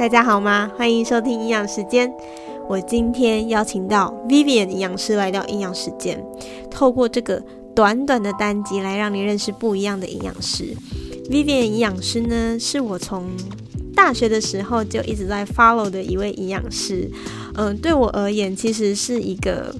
大家好嗎？歡迎收聽營養食間。我今天邀請到 Vivian 營養師來到營養食間，透過這個短短的單集來讓你認識不一樣的營養師。Vivian 營養師呢，是我從大學的時候就一直在 follow 的一位營養師。嗯、呃，對我而言，其實是一個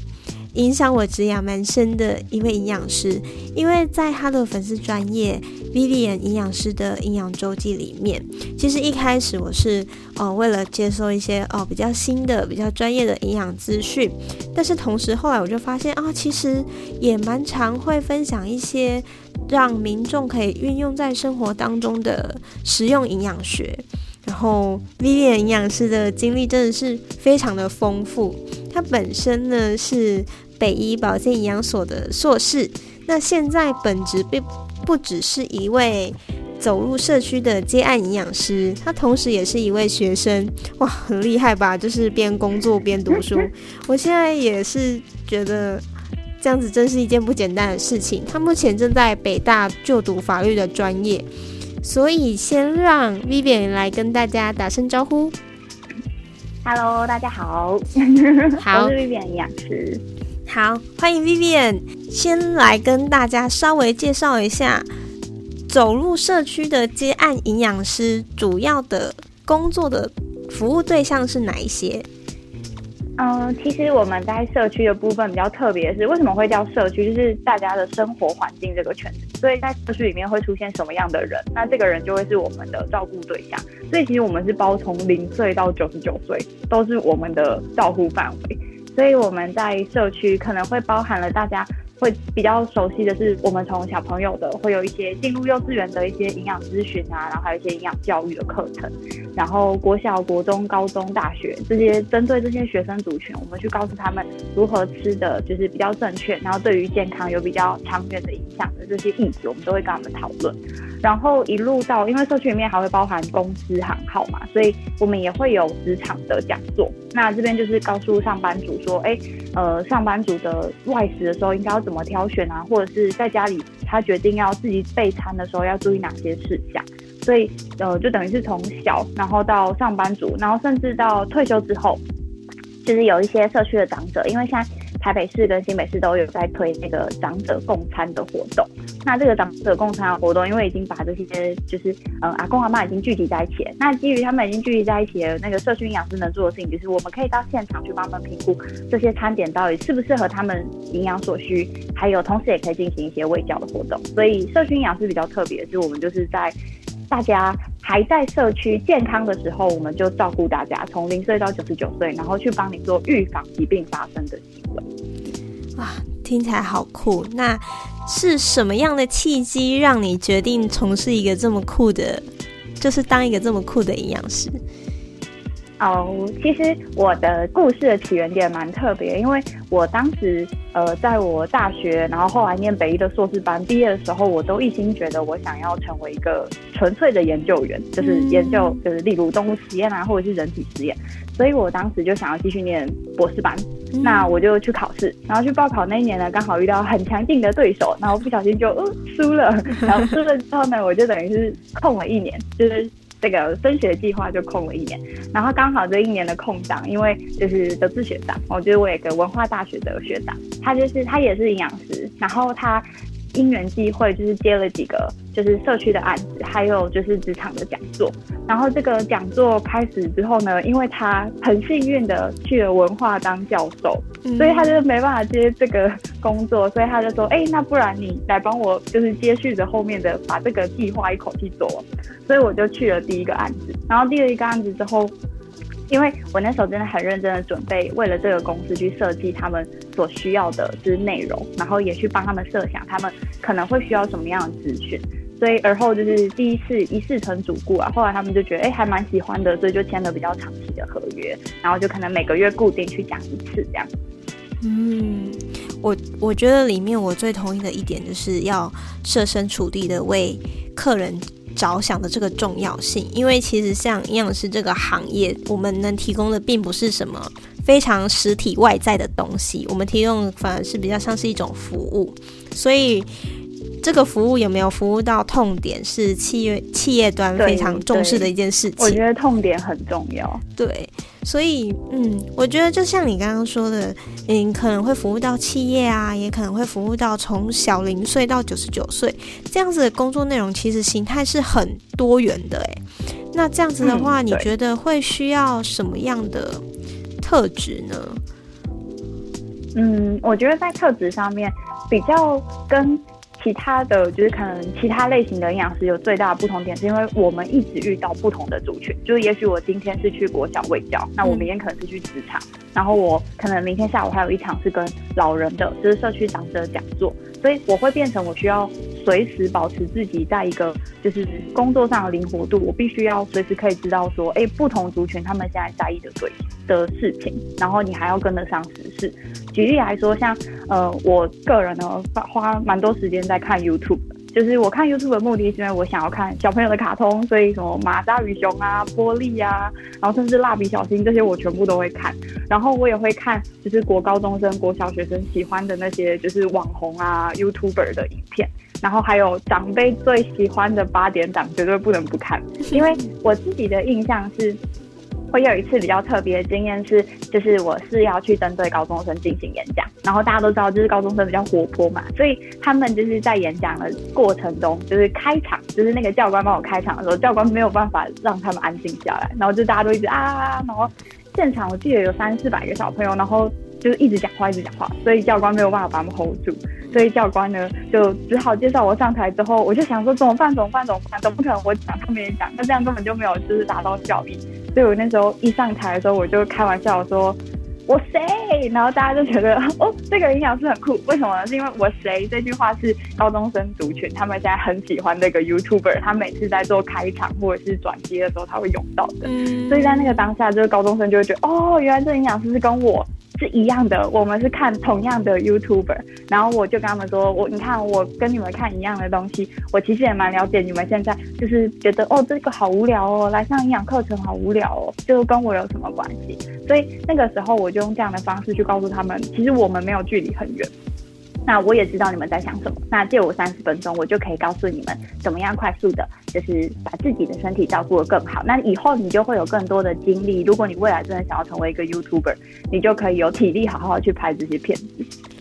影響我職業，蠻深的一位營養師。因為在他的粉絲專業 Vivian 營養師的營養周記裡面，其實一開始我是哦為了接收一些哦比較新的、比較專業的營養資訊，但是同時後來我就發現啊、哦，其實也蠻常會分享一些讓民眾可以運用在生活當中的實用營養學。然後 Vivian 營養師的經歷真的是非常的豐富。他本身呢是北醫保健營養所的碩士，那現在本職並不，不只是一位走入社區的接案營養師，他同時也是一位學生，哇，很厲害吧？就是邊工作邊讀書。我現在也是覺得這樣子真是一件不簡單的事情。他目前正在北大就讀法律的專業，所以先讓 Vivian 來跟大家打聲招呼。Hello，大家好，好 我是 Vivian 營養師。好，歡迎 Vivian，先來跟大家稍微介紹一下，走入社區的接案營養師主要的工作的服務對象是哪一些？嗯，其實我們在社區的部分比較特別的是，為什麼會叫社區？就是大家的生活環境這個圈子，所以在社區裡面會出現什麼樣的人，那這個人就會是我們的照顧對象。所以其實我們是包從零歲到九十九歲都是我們的照護範圍，所以我們在社區可能會包含了大家會比較熟悉的是，我們從小朋友的會有一些進入幼稚園的一些營養諮詢啊，然後還有一些營養教育的課程，然後國小、國中、高中、大學，這些針對這些學生族群，我們去告訴他們如何吃的就是比較正確，然後對於健康有比較長遠的影響的這些議題，我們都會跟他們討論。然後一路到，因為社區裡面還會包含公司行號嘛，所以我們也會有職場的講座。那這邊就是告訴上班族說，誒，呃，上班族的外食的時候應該要怎麼挑選啊，或者是在家裡他決定要自己備餐的時候要注意哪些事項。所以，呃，就等於是從小，然後到上班族，然後甚至到退休之後。就是有一些社區的長者，因為現在台北市跟新北市都有在推那個長者共餐的活動。那這個長者共餐的活動，因為已經把這些就是嗯阿公阿媽已經聚集在一起了，那基於他們已經聚集在一起了，那個社區營養師能做的事情就是我們可以到現場去幫他們評估這些餐點到底適不適合他們營養所需，還有同時也可以進行一些衛教的活動。所以社區營養師比較特別，就是、我們就是在。大家還在社區健康的時候，我們就照顧大家，從零歲到九十九歲，然後去幫你做預防疾病發生的行為。哇，聽起來好酷！那是什麼樣的契機讓你決定從事一個這麼酷的，就是當一個這麼酷的營養師？哦、oh，其實我的故事的起源點蠻特別，因為我當時呃，在我大學，然後後來念北醫的碩士班畢業的時候，我都一心覺得我想要成為一個純粹的研究員，就是研究，就是例如動物實驗啊，或者是人體實驗，所以我當時就想要繼續念博士班，mm. 那我就去考試，然後去報考那一年呢，剛好遇到很強勁的對手，然後不小心就、呃、輸了，然後輸了之後呢， 我就等於是空了一年，就是。這個升學計劃就空了一年，然後剛好這一年的空檔，因為就是德智學長，我覺得我有一個文化大學的學長，他就是他也是營養師，然後他。因緣際會，就是接了幾個就是社區的案子，還有就是職場的講座。然後這個講座開始之後呢，因為他很幸運的去了文化當教授，嗯，所以他就沒辦法接這個工作，所以他就說：“哎、欸，那不然你來幫我，就是接續着後面的，把這個計劃一口氣做。”所以我就去了第一個案子，然後第二個案子之後。因為我那時候真的很認真的準備，為了這個公司去設計他們所需要的就是內容，然後也去幫他們設想他們可能會需要什麼樣的資訊，所以而後就是第一次一試成主顧啊，後來他們就覺得哎、欸、還蠻喜歡的，所以就簽了比較長期的合約，然後就可能每個月固定去講一次這樣。嗯，我我覺得裡面我最同意的一點就是要設身處地的為客人着想的這個重要性，因為其實像營養師這個行業，我們能提供的並不是什麼非常實體外在的東西，我們提供的反而是比較像是一種服務，所以。這個服務有沒有服務到痛點？是企業企業端非常重視的一件事情。我覺得痛點很重要。對，所以嗯，嗯，我覺得就像你剛剛說的，嗯，可能會服務到企業啊，也可能會服務到從小零歲到九十九歲這樣子的工作內容，其實形態是很多元的，欸。那這樣子的話，嗯，你覺得會需要什麼樣的特質呢？嗯，我覺得在特質上面比較跟。其他的就是可能其他類型的營養師有最大的不同點，是因為我們一直遇到不同的族群，就是也許我今天是去國小、衛教，那我明天可能是去職場。嗯然後我可能明天下午還有一場是跟老人的，就是社區長者的講座，所以我會變成我需要隨時保持自己在一個就是工作上的靈活度，我必須要隨時可以知道說，哎，不同族群他們現在在意的對的事情，然後你還要跟得上時事。舉例來說，像呃，我個人呢花蠻多時間在看 YouTube。就是我看 YouTube 的目的是因為我想要看小朋友的卡通，所以什麼瑪莎與熊啊、波利呀、啊，然後甚至蠟筆小新這些我全部都會看。然後我也會看，就是國高中生、國小學生喜歡的那些，就是網紅啊、YouTuber 的影片。然後還有長輩最喜歡的八點檔，絕對不能不看。因為我自己的印象是。我有一次比較特別的經驗是，就是我是要去針對高中生進行演講，然後大家都知道，就是高中生比較活潑嘛，所以他們就是在演講的過程中，就是開場，就是那個教官幫我開場的時候，教官沒有辦法讓他們安靜下來，然後就大家都一直啊，然後現場我記得有三四百個小朋友，然後，就是一直講話，一直講話，所以教官沒有辦法把他們 hold 住，所以教官呢就只好介紹我上台。之後我就想說，怎麼辦？怎麼辦？怎麼辦？總不可能我講他們也講，那這樣根本就沒有就是達到效益。所以我那時候一上台的時候，我就開玩笑說：“我誰？”然後大家就覺得哦，這個營養師很酷。為什麼呢？是因為“我誰”這句話是高中生族群他們現在很喜歡那個 YouTuber，他每次在做開場或者是轉接的時候，他會用到的。所以在那個當下，就是高中生就會覺得哦，原來這營養師是跟我。是一樣的，我們是看同樣的 YouTuber，然後我就跟他們說，我你看我跟你們看一樣的東西，我其實也蠻了解你們現在就是覺得哦，這個好無聊哦，來上營養課程好無聊哦，就跟我有什麼關係？所以那個時候我就用這樣的方式去告訴他們，其實我們沒有距離很遠。那我也知道你們在想什麼。那借我三十分鐘，我就可以告訴你們怎麼樣快速的，就是把自己的身體照顧得更好。那以後你就會有更多的精力。如果你未來真的想要成為一個 YouTuber，你就可以有體力好好去拍這些片子。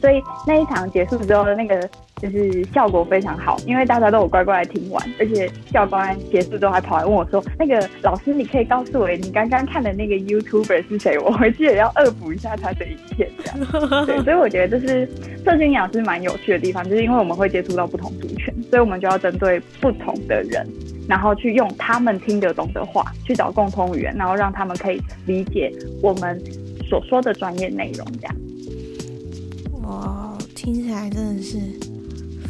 所以那一場結束之後的那個。就是效果非常好，因為大家都有乖乖的聽完，而且教官結束之後還跑來問我說：“那個老師，你可以告訴我你剛剛看的那個 YouTuber 是誰？我回去也要惡補一下他的影片。”這樣，對，所以我覺得就是社群營養師蠻有趣的地方，就是因為我們會接觸到不同族群，所以我們就要針對不同的人，然後去用他們聽得懂的話去找共通語言，然後讓他們可以理解我們所說的專業內容。這樣，哦，聽起來真的是。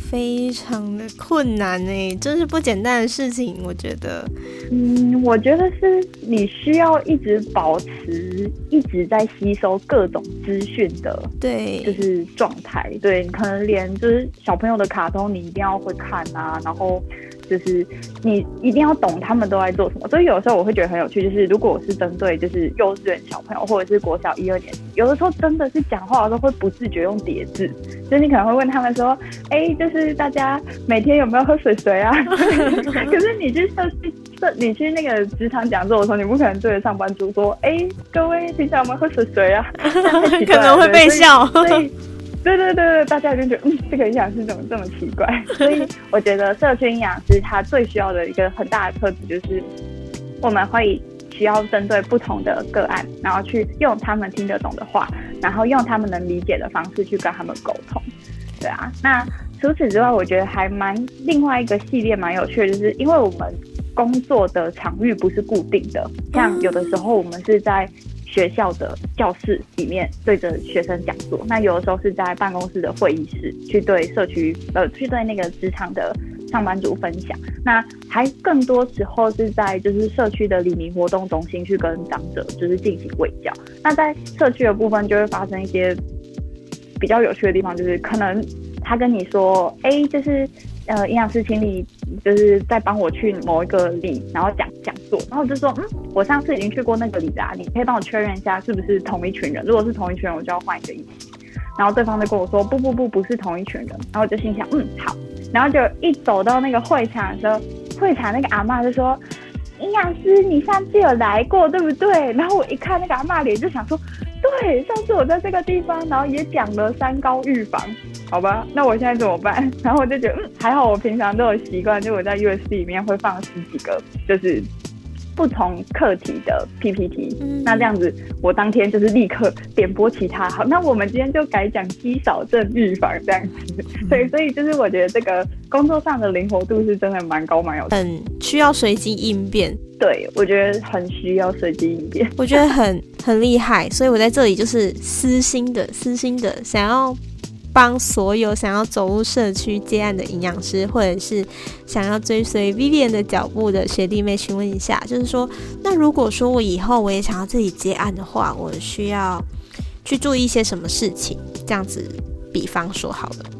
非常的困難呢，真、就是不簡單的事情，我覺得。嗯，我覺得是你需要一直保持一直在吸收各種資訊的，對，就是狀態。對，你可能連就是小朋友的卡通，你一定要會看啊，然後。就是你一定要懂他們都在做什麼，所以有時候我會覺得很有趣。就是如果我是針對就是幼稚園小朋友，或者是國小一二年級，有的時候真的是講話的時候會不自覺用疊字。就是你可能會問他們說：“哎、欸，就是大家每天有沒有喝水水啊？” 可是你去上上你去那個職場講座的時候，你不可能對着上班族說：“哎、欸，各位，平常我們喝水水啊。 ”可能會被笑， 所以。所以對對對對，大家就覺得嗯，這個營養師怎麼這麼奇怪？所以我覺得社區營養師他最需要的一個很大的特質就是，我們會需要針對不同的個案，然後去用他們聽得懂的話，然後用他們能理解的方式去跟他們溝通。對啊，那除此之外，我覺得還蠻另外一個系列蠻有趣的，就是因為我們工作的場域不是固定的，像有的時候我們是在學校的教室裡面對着學生講座，那有的時候是在辦公室的會議室去對社區，呃，去對那個職場的上班族分享。那還更多時候是在就是社區的里民活動中心去跟長者就是進行衛教。那在社區的部分就會發生一些比較有趣的地方，就是可能他跟你說，哎、欸，就是。呃，營養師請你就是再幫我去某一個里，然後講講座，然後就說，嗯，我上次已經去過那個里啦，啊，你可以幫我確認一下是不是同一群人，如果是同一群人，我就要換一個議題。然後對方就跟我說，不不不，不是同一群人。然後我就心想，嗯，好。然後就一走到那個會場的時候，會場那個阿嬤就說，營養師，你上次有來過對不對？然後我一看那個阿嬤臉，就想說。對，上次我在這個地方，然後也講了三高預防，好吧？那我現在怎麼辦？然後我就覺得，嗯，還好，我平常都有習慣，就我在浴室裡面會放十幾個，就是。不同課題的 PPT，、嗯、那這樣子，我當天就是立刻點播其他。好，那我們今天就改講肌少症預防這樣子、嗯。對，所以就是我覺得這個工作上的靈活度是真的蠻高蠻有。嗯，需要隨機應變。對，我覺得很需要隨機應變。我覺得很很厲害，所以我在這裡就是私心的私心的想要。幫所有想要走入社區接案的營養師，或者是想要追隨 Vivian 的腳步的學弟妹詢問一下，就是說，那如果說我以後我也想要自己接案的話，我需要去做一些什麼事情？這樣子，比方說好了。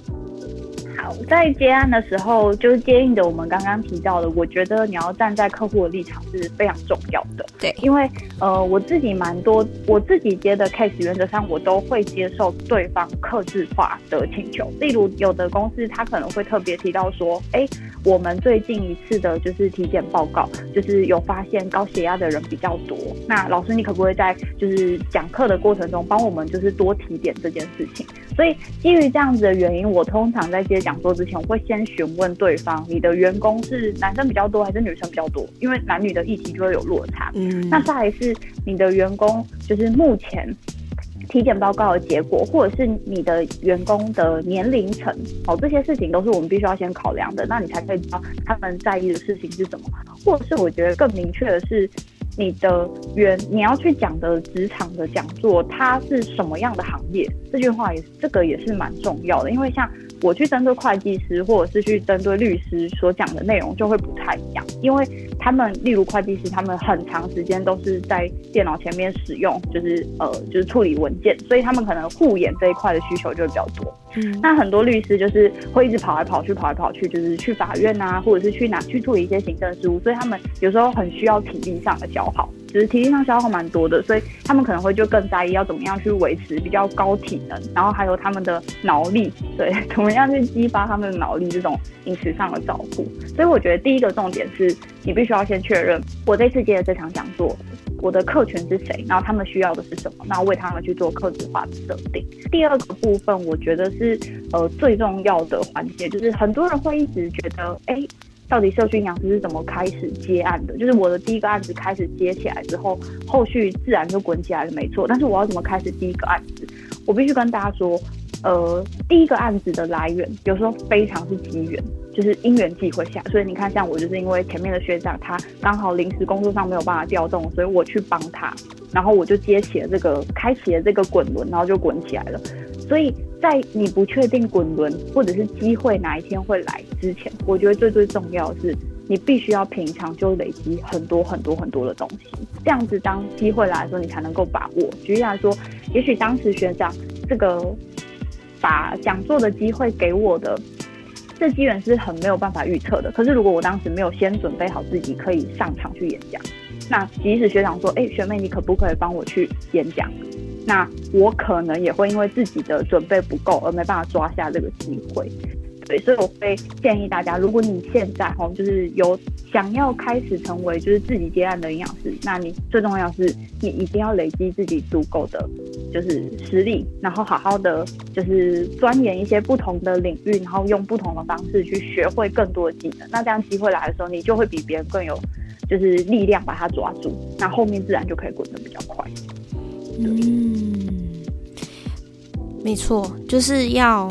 在接案的時候，就是接應的我們剛剛提到的，我覺得你要站在客戶的立場是非常重要的，對，因為呃，我自己蠻多，我自己接的 case，原則上我都會接受對方客製化的請求。例如，有的公司他可能會特別提到說，哎、欸。我們最近一次的就是體檢報告，就是有發現高血壓的人比較多。那老師，你可不可以在就是講課的過程中幫我們就是多提點這件事情？所以基於這樣子的原因，我通常在接講座之前，我會先詢問對方：你的員工是男生比較多還是女生比較多？因為男女的議題就會有落差。嗯，那再來是你的員工，就是目前，體檢報告的結果，或者是你的員工的年齡層，好、哦，這些事情都是我們必須要先考量的，那你才可以知道他們在意的事情是什麼，或者是我覺得更明確的是，你的員你要去講的職場的講座，它是什麼樣的行業？這句話也是這個也是蠻重要的，因為像。我去針對會計師或者是去針對律師所講的內容就會不太一樣，因為他們例如會計師，他們很長時間都是在電腦前面使用，就是呃就是處理文件，所以他們可能護眼這一塊的需求就會比較多。嗯，那很多律師就是會一直跑來跑去，跑來跑去就是去法院吶、啊，或者是去哪去處理一些行政事務，所以他們有時候很需要體力上的消耗。只是體力上消耗蠻多的，所以他們可能會就更在意要怎麼樣去維持比較高體能，然後還有他們的腦力，對，怎麼樣去激發他們的腦力這種飲食上的照顧。所以我覺得第一個重點是，你必須要先確認我這次接的這場講座，我的客群是誰，然後他們需要的是什麼，然後為他們去做客製化的設定。第二個部分，我覺得是呃最重要的環節，就是很多人會一直覺得，哎。到底社區營養師是怎麼開始接案的？就是我的第一個案子開始接起來之後，後續自然就滾起來了，沒錯。但是我要怎麼開始第一個案子？我必須跟大家說，呃，第一個案子的來源有時候非常是機緣，就是因緣際會下。所以你看，像我就是因為前面的學長他剛好臨時工作上沒有辦法調動，所以我去幫他，然後我就接起了這個，開啟了這個滾輪，然後就滾起來了。所以。在你不確定滾輪或者是機會哪一天會來之前，我覺得最最重要的是，你必須要平常就累積很多很多很多的東西，這樣子當機會來的時候，你才能夠把握。舉例來說，也許當時學長這個把講座的機會給我的，這機緣是很沒有辦法預測的。可是如果我當時沒有先準備好自己可以上場去演講，那即使學長說，哎、欸，學妹你可不可以幫我去演講？那我可能也會因為自己的準備不夠而沒辦法抓下這個機會，對，所以我會建議大家，如果你現在哈就是有想要開始成為就是自己接案的營養師，那你最重要是你一定要累積自己足夠的就是實力，然後好好的就是鑽研一些不同的領域，然後用不同的方式去學會更多技能，那這樣機會來的時候，你就會比別人更有就是力量把它抓住，那後面自然就可以滾得比較快。嗯，沒錯，就是要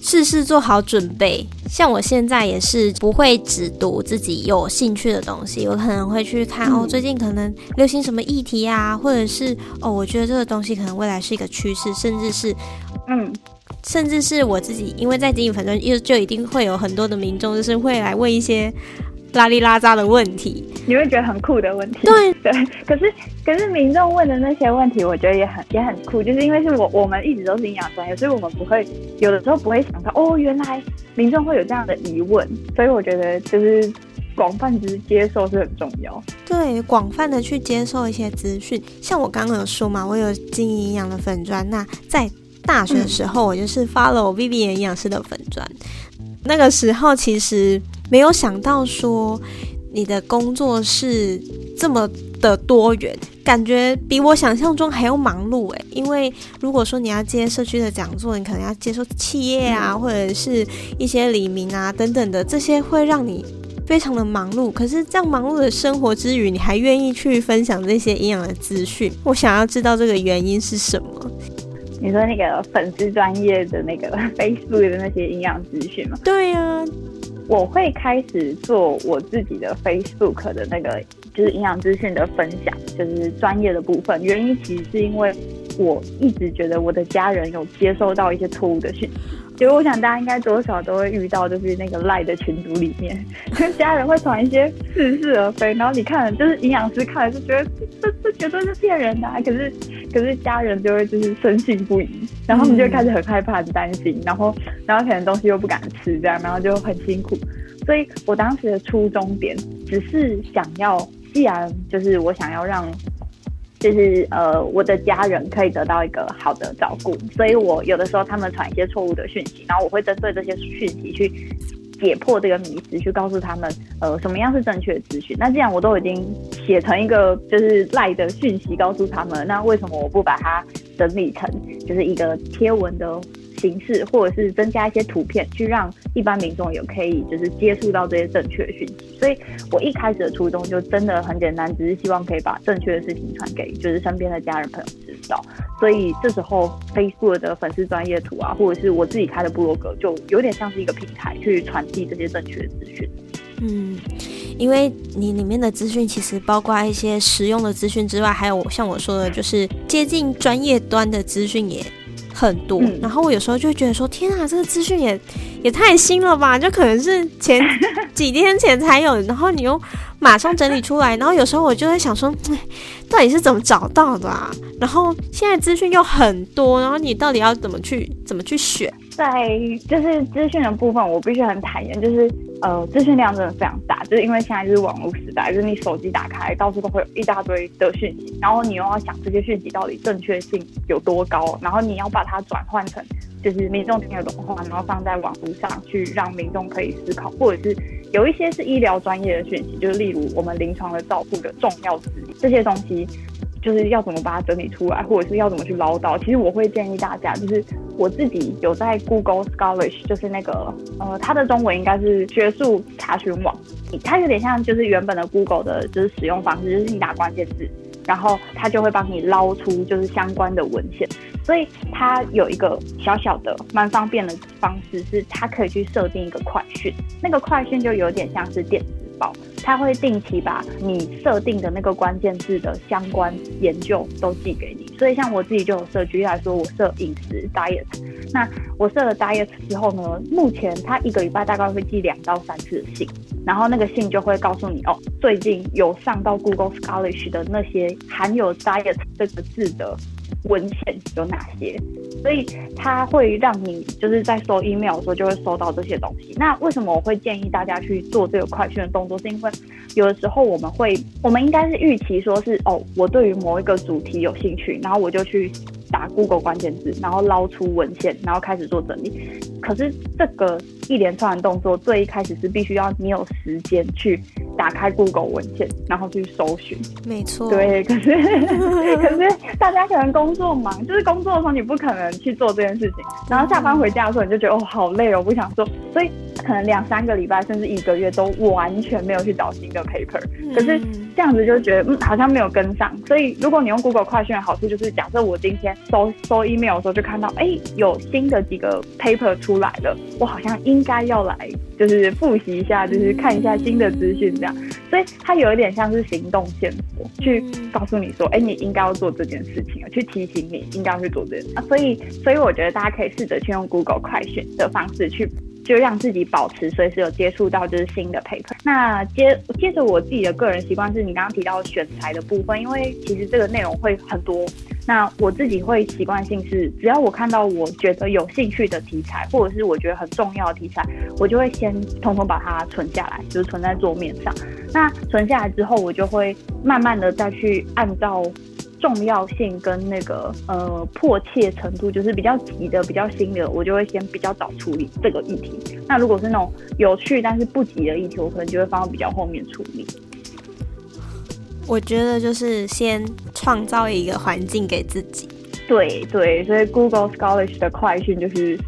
事事做好準備。像我現在也是不會只讀自己有興趣的東西，我可能會去看哦，最近可能流行什麼議題啊，或者是哦，我覺得這個東西可能未來是一個趨勢，甚至是嗯，甚至是我自己，因為在經營，反正就就一定會有很多的民眾，就是會來問一些。拉里拉扎的問題，你會覺得很酷的問題。對，對，可是可是民眾問的那些問題，我覺得也很也很酷，就是因為是我我們一直都是營養專業，所以我們不會有的時候不會想到，哦，原來民眾會有這樣的疑問。所以我覺得就是廣泛的接受是很重要。對，廣泛的去接受一些資訊，像我剛剛有說嘛，我有經營營養的粉專。那在大學的時候，嗯、我就是 follow Vivian 營養師的粉專。那個時候其實沒有想到說，你的工作是這麼的多元，感覺比我想象中還要忙碌誒、欸，因為如果說你要接社區的講座，你可能要接受企業啊，或者是一些里民啊等等的這些，會讓你非常的忙碌。可是這樣忙碌的生活之餘，你還願意去分享這些營養的資訊？我想要知道這個原因是什麼。你說那個粉絲專頁的那個 Facebook 的那些營養資訊嗎？對呀，啊，我會開始做我自己的 Facebook 的那個，就是營養資訊的分享，就是專業的部分。原因其實是因為我一直覺得我的家人有接收到一些錯誤的信息。其實我想大家應該多少都會遇到，就是那個賴的群組裡面，跟家人會傳一些似是而非，然後你看，就是營養師看了就覺得這這絕對是騙人的啊，可是可是家人就會就是深信不疑，然後他們就會開始很害怕、很擔心，然後然後可能東西又不敢吃，這樣，然後就很辛苦。所以我當時的初衷點只是想要，既然就是我想要讓。就是呃，我的家人可以得到一個好的照顧，所以我有的時候他們傳一些錯誤的訊息，然後我會針對這些訊息去解破這個迷思，去告訴他們，呃，什麼樣是正確的資訊。那既然我都已經寫成一個就是 LINE 的訊息告訴他們，那為什麼我不把它整理成就是一個貼文的？形式，或者是增加一些圖片，去讓一般民眾也可以就是接觸到這些正確的訊息。所以我一開始的初衷就真的很簡單，只是希望可以把正確的事情傳給就是身邊的家人朋友知道。所以這時候 Facebook 的粉絲專頁啊，或者是我自己開的部落格，就有點像是一個平台，去傳遞這些正確的資訊。嗯，因為你裡面的資訊其實包括一些實用的資訊之外，還有像我說的，就是接近專業端的資訊也。很多，嗯，然後我有時候就會覺得說，天啊，這個資訊也也太新了吧，就可能是前幾天前才有，然後你又馬上整理出來，然後有時候我就會想說，嗯，到底是怎麼找到的啊？然後現在資訊又很多，然後你到底要怎麼去怎麼去選？在就是資訊的部分，我必須很坦言，就是呃，資訊量真的非常大，就是因為現在就是網絡時代，就是你手機打開，到處都會有一大堆的訊息，然後你又要想這些訊息到底正確性有多高，然後你要把它轉換成就是民眾聽得懂的話，然後放在網絡上去讓民眾可以思考，或者是有一些是醫療專業的訊息，就是例如我們臨床的照顧的重要指引這些東西。就是要怎麼把它整理出來，或者是要怎麼去撈到，其實我會建議大家，就是我自己有在 Google Scholar 就是那個呃，它的中文應該是學術查詢網。它有點像就是原本的 Google 的就是使用方式，就是你打關鍵字，然後它就會幫你撈出就是相關的文獻。所以它有一個小小的蠻方便的方式，是它可以去設定一個快訊，那個快訊就有點像是電寶，他會定期把你設定的那個關鍵字的相關研究都寄給你。所以，像我自己就有設，舉例來說我，我設飲食 diet，那我設了 diet 之後呢，目前他一個禮拜大概會寄兩到三次的信，然後那個信就會告訴你哦，最近有上到 Google Scholar 的那些含有 diet 這個字的文獻有哪些？所以它會讓你就是在收 email 的時候，就會收到這些東西。那為什麼我會建議大家去做這個快訊的動作？是因為有的時候我們會，我們應該是預期說是哦，我對於某一個主題有興趣，然後我就去打 Google 關鍵字，然後撈出文獻，然後開始做整理。可是這個一連串的動作，最一開始是必須要你有時間去打開 Google 文件，然後去搜尋，沒錯。對，可是 可是大家可能工作忙，就是工作的時候你不可能去做這件事情，然後下班回家的時候你就覺得、嗯、哦好累哦，我不想做，所以可能兩三個禮拜甚至一個月都完全沒有去找新的 paper、嗯。可是這樣子就覺得嗯好像沒有跟上，所以如果你用 Google 快訊的好處就是，假設我今天搜搜 email 的時候就看到，哎、欸、有新的幾個 paper 出。出來了，我好像應該要來，就是複習一下，就是看一下新的資訊這樣，所以它有一點像是行動線索，去告訴你說，哎、欸，你應該要做這件事情了，去提醒你應該要去做這，件事、啊、所以，所以我覺得大家可以試着去用 Google 快訊的方式去，就讓自己保持隨時有接觸到就是新的 paper。那接接着我自己的個人習慣是，你剛剛提到選材的部分，因為其實這個內容會很多。那我自己會習慣性是，只要我看到我覺得有興趣的題材，或者是我覺得很重要的題材，我就會先通通把它存下來，就是存在桌面上。那存下來之後，我就會慢慢的再去按照重要性跟那個呃迫切程度，就是比較急的、比較新的，我就會先比較早處理這個議題。那如果是那種有趣但是不急的議題，我可能就會放到比較後面處理。我覺得就是先創造一個環境給自己。對對，所以 Google Scholar 的快訊就是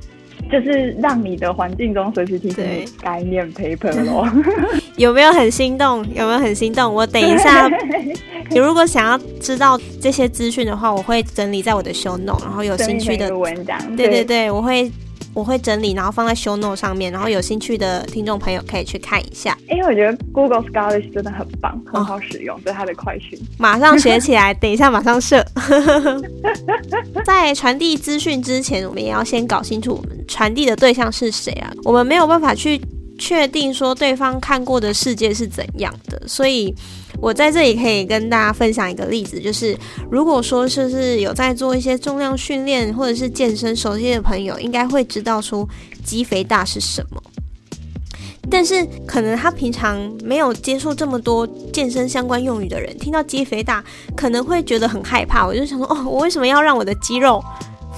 就是讓你的環境中隨時聽對概念 paper 咯。 有沒有很心動？有沒有很心動？我等一下， 你如果想要知道這些資訊的話，我會整理在我的 show notes，然後有興趣的文章對，對對對，我會。我會整理，然後放在 ShowNote 上面，然後有興趣的聽眾朋友可以去看一下。因為我覺得 Google Scholar 真的很棒，哦，很好使用，所以它的快訊，馬上學起來。 等一下，馬上設。 在傳遞資訊之前，我們也要先搞清楚我們傳遞的對象是誰啊？我們沒有辦法去確定說對方看過的世界是怎樣的，所以我在這裡可以跟大家分享一個例子，就是如果說就是，是有在做一些重量訓練或者是健身熟悉的朋友，應該會知道說肌肥大是什麼。但是可能他平常沒有接觸這麼多健身相關用語的人，聽到肌肥大可能會覺得很害怕。我就想說，哦，我為什麼要讓我的肌肉？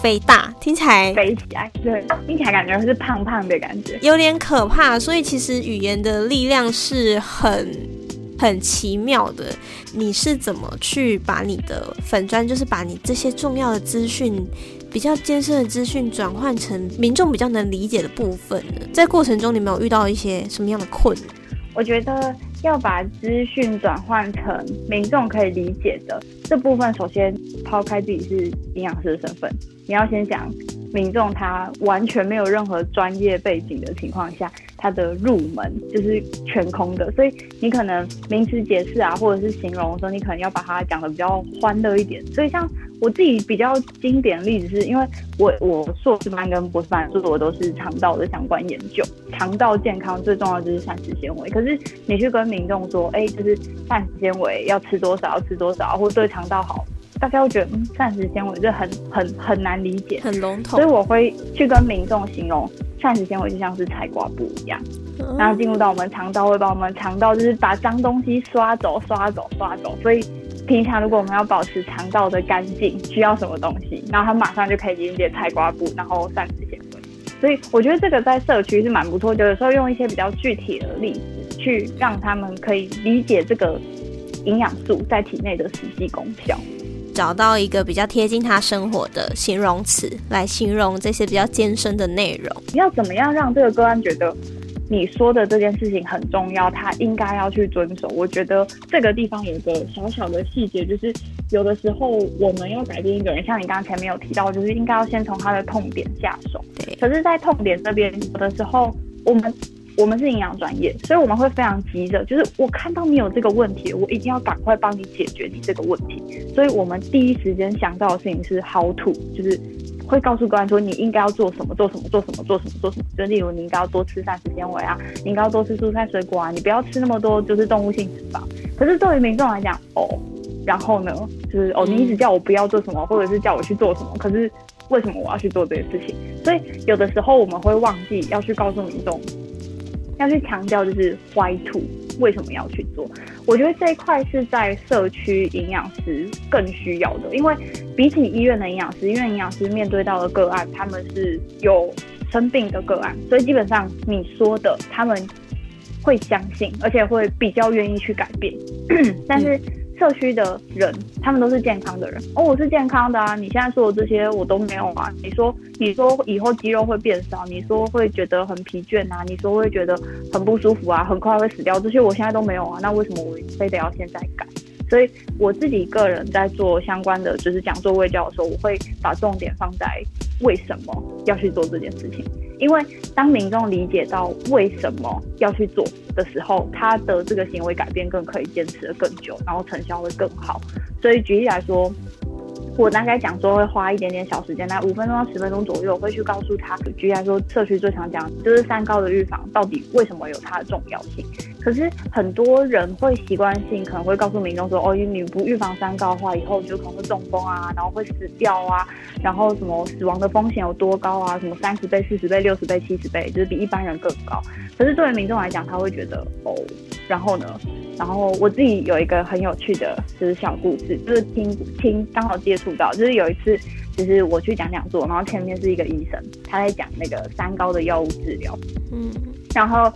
肥大聽起來，肥起來，對，聽起來感覺是胖胖的感覺，有點可怕。所以其實語言的力量是很很奇妙的。你是怎麼去把你的粉專，就是把你這些重要的資訊，比較艱深的資訊轉換成民眾比較能理解的部分呢？在過程中，你有沒有遇到一些什麼樣的困難？我覺得。要把資訊轉換成民眾可以理解的這部分，首先拋開自己是營養師的身份，你要先講民眾他完全沒有任何專業背景的情況下，他的入門就是全空的，所以你可能名詞解釋啊，或者是形容的時候，你可能要把它講得比較歡樂一點，所以像。我自己比較經典的例子是因為我我碩士班跟博士班做的我都是腸道的相關研究，腸道健康最重要的就是膳食纖維。可是你去跟民眾說，哎、欸，就是膳食纖維要吃多少，要吃多少，或對腸道好，大家會覺得、嗯、膳食纖維這很很很難理解，很籠統。所以我會去跟民眾形容，膳食纖維就像是菜瓜布一樣，然後進入到我們腸道，會把我們腸道就是把髒東西刷走、刷走、刷走，所以。平常如果我們要保持腸道的乾淨，需要什麼東西？然後他馬上就可以迎接菜瓜布，然後膳食纖維。所以我覺得這個在社區是蠻不錯的，有的時候用一些比較具體的例子，去讓他們可以理解這個營養素在體內的實際功效，找到一個比較貼近他生活的形容詞來形容這些比較艱深的內容。你要怎麼樣讓這個個案覺得？你說的這件事情很重要，他應該要去遵守。我覺得這個地方有個小小的細節，就是有的時候我們要改變一個人，像你剛才沒有提到，就是應該要先從他的痛點下手。可是，在痛點這邊，有的時候我們我們是營養專業，所以我們會非常急着，就是我看到你有這個問題，我一定要趕快幫你解決你這個問題。所以我們第一時間想到的事情是 how to，就是。會告訴觀眾說，你應該要做什麼，做什麼，做什麼，做什麼，做什麼，做什麼。就例如你應該要多吃膳食纖維啊，你應該要多吃蔬菜水果啊，你不要吃那麼多就是動物性脂肪。可是對於民眾來講，哦，然後呢，就是哦，你一直叫我不要做什麼，或者是叫我去做什麼，可是為什麼我要去做這些事情？所以有的時候我們會忘記要去告訴民眾。要去強調就是 Why to 為什麼要去做？我覺得這一塊是在社區營養師更需要的，因為比起醫院的營養師，醫院營養師面對到的個案，他們是有生病的個案，所以基本上你說的，他們會相信，而且會比較願意去改變，嗯，但是。社區的人，他們都是健康的人。哦，我是健康的啊！你現在說的這些我都沒有啊！你說，你說以後肌肉會變少，你說會覺得很疲倦啊，你說會覺得很不舒服啊，很快會死掉，這些我現在都沒有啊。那為什麼我非得要現在改？所以我自己個人在做相關的，就是講座、衛教的時候，我會把重點放在為什麼要去做這件事情。因為當民眾理解到為什麼要去做的時候，他的這個行為改變更可以堅持得更久，然後成效會更好。所以舉例來說。我大概講說會花一點點小時間，那五分鐘到十分鐘左右，我會去告訴他，居然說社區最常講就是三高的預防到底為什麼有它的重要性。可是很多人會習慣性可能會告訴民眾說，哦，你不預防三高的話，以後就可能會中風啊，然後會死掉啊，然後什麼死亡的風險有多高啊，什麼三十倍、四十倍、六十倍、七十倍，就是比一般人更高。可是對於民眾來講，他會覺得哦。然後呢，然後我自己有一個很有趣的，就是小故事，就是聽聽剛好接觸到，就是有一次，就是我去講講座，然後前面是一個醫生，他在講那個三高的藥物治療，嗯，然後。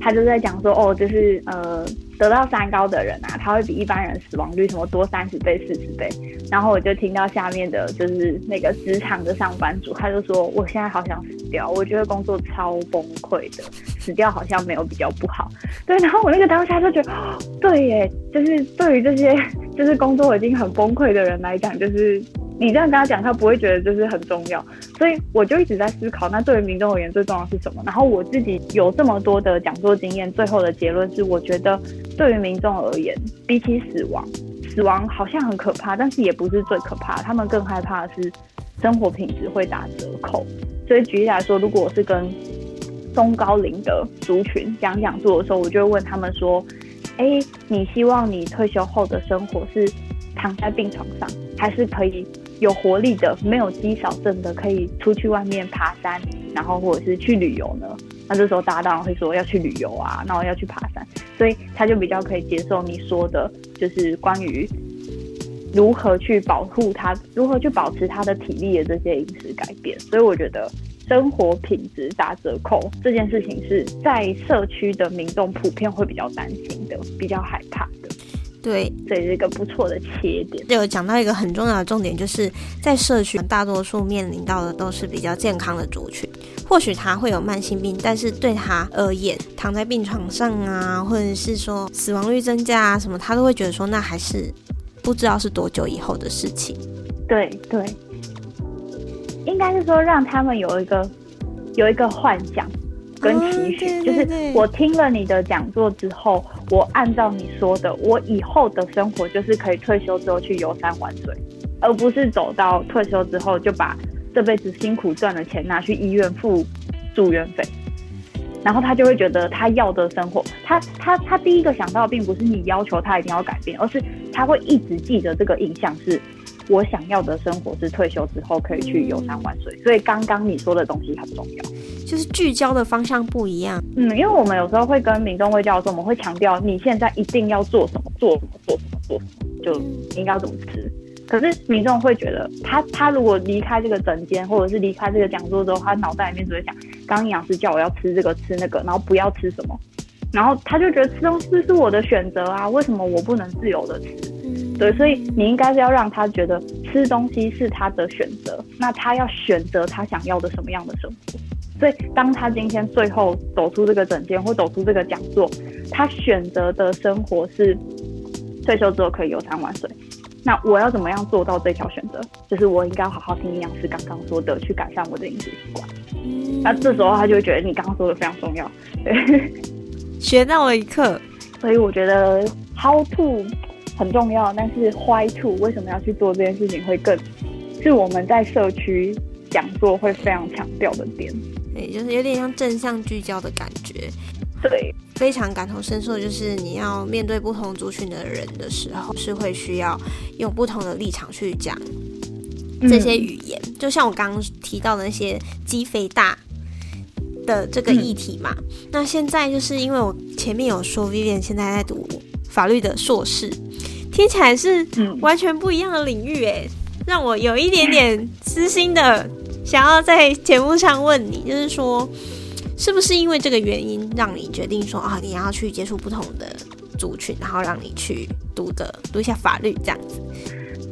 他就在講說，哦，就是呃，得到三高的人啊，他會比一般人死亡率什麼多三十倍、四十倍。然後我就聽到下面的，就是那個職場的上班族，他就說，我現在好想死掉，我覺得工作超崩潰的，死掉好像沒有比較不好。對，然後我那個當下就覺得，對耶，就是對於這些就是工作已經很崩潰的人來講，就是。你這樣跟他講，他不會覺得就是很重要，所以我就一直在思考，那對於民眾而言最重要是什麼？然後我自己有這麼多的講座經驗，最後的結論是，我覺得對於民眾而言，比起死亡，死亡好像很可怕，但是也不是最可怕，他們更害怕的是生活品質會打折扣。所以舉例來說，如果我是跟中高齡的族群講講座的時候，我就會問他們說：“哎、欸，你希望你退休後的生活是躺在病床上，還是可以？”有活力的，沒有肌少症的，可以出去外面爬山，然後或者是去旅遊呢？那這時候搭檔會說要去旅遊啊，那我要去爬山，所以他就比較可以接受你說的，就是關於如何去保護他、如何去保持他的體力的這些飲食改變。所以我覺得生活品質打折扣這件事情，是在社區的民眾普遍會比較擔心的，比較害怕。對，這是一個不錯的切點。就有講到一個很重要的重點，就是在社區，大多數面臨到的都是比較健康的族群。或許他會有慢性病，但是對他而言，躺在病床上啊，或者是說死亡率增加啊，什麼，他都會覺得說，那還是不知道是多久以後的事情。對對，應該是說讓他們有一個有一個幻想，跟期許，就是我聽了你的講座之後，我按照你說的，我以後的生活就是可以退休之後去遊山玩水，而不是走到退休之後就把這輩子辛苦賺的錢拿去醫院付住院費。然後他就會覺得他要的生活，他他他第一個想到的，並不是你要求他一定要改變，而是他會一直記得這個印象是。我想要的生活是退休之後可以去遊山玩水，所以剛剛你說的東西很重要，就是聚焦的方向不一樣。嗯，因為我們有時候會跟民眾衛教的時候，我們會強調你現在一定要做什麼，做什麼，做什麼，做什麼，什麼就應該要怎麼吃。可是民眾會覺得他，他他如果離開這個診間，或者是離開這個講座之後，他腦袋裡面就會想，剛剛營養師叫我要吃這個，吃那個，然後不要吃什麼，然後他就覺得吃東西是我的選擇啊，為什麼我不能自由地吃？對，所以你應該是要讓他覺得吃東西是他的選擇，那他要選擇他想要的什麼樣的生活。所以當他今天最後走出這個診間或走出這個講座，他選擇的生活是退休之後有可以遊山玩水。那我要怎麼樣做到這條選擇？就是我應該好好聽營養師剛剛說的，去改善我的飲食習慣。那這時候他就會覺得你剛剛說的非常重要，對，學到了一課。所以我覺得 how to。很重要，但是壞處為什麼要去做這件事情會更，是我們在社區講座會非常強調的點，也就是有點像正向聚焦的感覺，對，非常感同身受，就是你要面對不同族群的人的時候，是會需要用不同的立場去講這些語言，嗯、就像我剛剛提到的那些雞飛大，的這個議題嘛、嗯，那現在就是因為我前面有說，Vivian 現在在讀。法律的碩士，聽起來是完全不一樣的領域欸，讓我有一點點私心的想要在節目上問你，就是說，是不是因為這個原因讓你決定說啊，你要去接觸不同的族群，然後讓你去讀的讀一下法律這樣子？